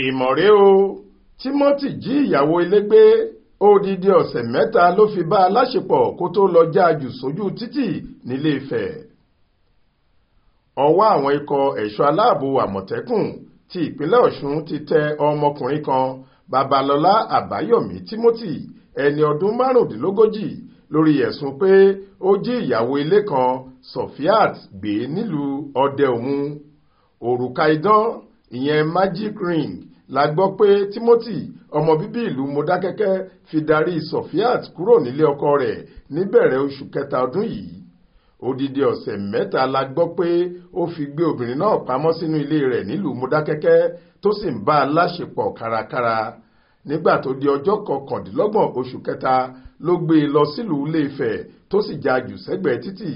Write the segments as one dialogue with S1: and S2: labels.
S1: ìmọ̀rẹ́ o Timothy jí ìyàwó ilé gbé odidi ọ̀sẹ̀ mẹ́ta ló fi bá a láṣepọ̀ kó tó lọ jáàjù sójú títì nílé Ifẹ̀ ọwọ́ àwọn ikọ̀ ẹ̀ṣọ́ aláàbò àmọ̀tẹ́kùn ti ìpínlẹ̀ Ọ̀ṣun ti tẹ ọmọkùnrin kan Babalọlá Àbáyọ̀mí Timothy ẹni ọdún márùndínlógójì lórí ẹ̀sùn pé ó jí ìyàwó ilé kan Sofiat gbé nílùú Ọdẹ Òmu òrùka idán ìyẹn magic ring la gbọ́ pé Timothy ọmọ bíbí ìlú Mọdákẹ́kẹ́ fi darí Sofiat kúrò nílé ọkọ rẹ̀ níbẹ̀rẹ̀ oṣù kẹta ọdún yìí odidi ọ̀sẹ̀ mẹ́ta la gbọ́ pé ó fi gbé obìnrin náà pamọ́ sínú ilé rẹ̀ nílùú Mọdákẹ́kẹ́ tó sì ń bá a láṣepọ̀ kárakára nígbà tó di ọjọ́ kọkàndínlọ́gbọ̀n oṣù kẹta ló gbé e lọ sílùú Ilé-Ifẹ̀ tó sì já jù sẹ́gbẹ̀ẹ́ títì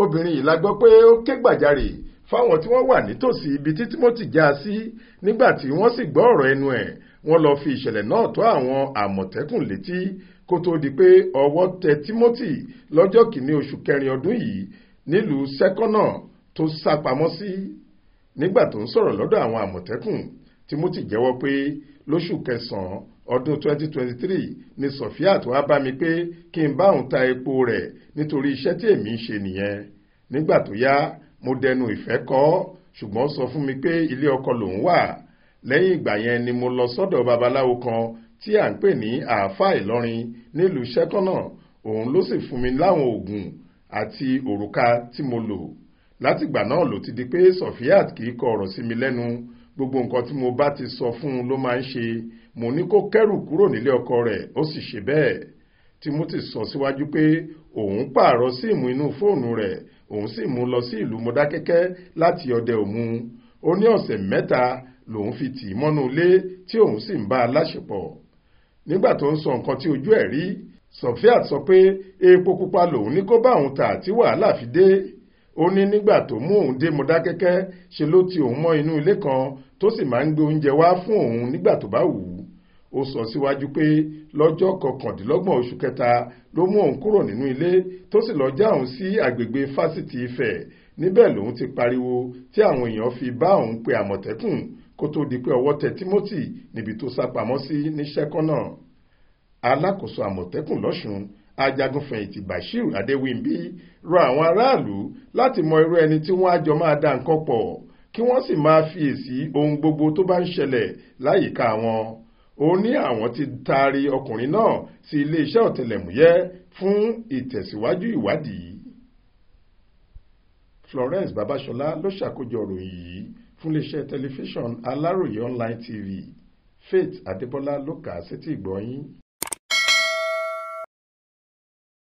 S1: obìnrin yìí la gbọ́ pé ó ké gbàjarè fáwọn tí wọ́n wà nítòsí ibi tí Timothy já sí nígbà tí wọ́n sì gbọ́ ọ̀rọ̀ ẹnu ẹ̀ wọ́n lọ fi ìṣẹ̀lẹ̀ náà tó àwọn àmọ̀tẹ́kùn létí kó tó di pé ọwọ́ tẹ Timothy lọ́jọ́ kìíní oṣù kẹrin ọdún yìí nílùú sẹ́kọ́nà tó sá pamọ́ sí nígbà tó ń sọ̀rọ̀ lọ́dọ̀ àwọn àmọ̀tẹ́kùn Timothy jẹ́wọ́ pé lóṣù kẹsàn-án ọdún 2023 ni Sofiat wá bá mi pé kí n bá òun ta epo rẹ̀ nítorí iṣẹ́ tí èmi ń ṣe nìyẹn nígbà tó yá mo dẹnu ìfẹ́ kọ̀ ṣùgbọ́n sọ fún mi pé ilé ọkọ lòún wà lẹ́yìn ìgbà yẹn ni mo lọ sọ́dọ̀ babaláwo kan tí à ń pè ní àáfàá ìlọrin nílùú sẹ́kọ́nà òun ló sì fún mi láwọn oògùn àti òrùka tí mo lò látìgbà náà ló ti di pé sofiat kì í kọ ọ̀rọ̀ sí mi lẹ́nu gbogbo nǹkan tí mo bá ti sọ fún un ló máa ń ṣe mo ní kó kẹ́rù kúrò nílé ọkọ rẹ̀ ó sì ṣe bẹ́ẹ̀ Timothy sọ síwájú pé òun pààrọ̀ síìmù inú fóònù rẹ̀ òun sì mú lọ sí ìlú Mọdákẹ́kẹ́ láti ọdẹ òmu ó ní ọ̀sẹ̀ mẹ́ta lòun fi tì í mọ́nú ilé tí òun sì ń bá a láṣepọ̀ nígbà tó ń sọ nǹkan tí ojú ẹ̀ rí Sofiat sọ pé epo pupa lòun ní kó bá òun tà tí wàhálà fi dé ó ní nígbà tó mú òun dé Mọdákẹ́kẹ́ ṣe ló ti òun mọ́ inú ilé kan tó sì máa ń gbé oúnjẹ wá fún òun nígbà tó bá wù ú ó sọ síwájú pé lọ́jọ́ kọkàndínlọ́gbọ̀n oṣù kẹta ló mú òun kúrò nínú ilé tó sì lọ́ọ́ já òun sí àgbègbè fásitì Ifẹ̀ níbẹ̀ lòun ti pariwo tí àwọn èèyàn fi bá òun pe àmọ̀tẹ́kùn kó tó di pé ọwọ́ tẹ Timothy níbi tó sá pamọ́ sí ní sẹ́kọ́nà alákòóso àmọ̀tẹ́kùn lọ́sùn ajagunfẹ̀yìntì Bashir Adéwìnbí rọ àwọn aráàlú láti mọ irú ẹni tí wọ́n á jọ máa dá nǹkan pọ̀ kí wọ́n sì máa fiyèsí ohun gbogbo tó bá ń ṣẹlẹ̀ láyìíká wọn ó ní àwọn ti taari ọkùnrin náà sí iléeṣẹ́ ọ̀tẹlẹ̀múyẹ́ fún ìtẹ̀síwájú ìwádìí. Florence Babasola ló ṣàkójọ ìròyìn yìí fún iléeṣẹ́ tẹlifíṣàn Aláròye online TV Faith Adébọlá ló kà á sétí ìgbọ́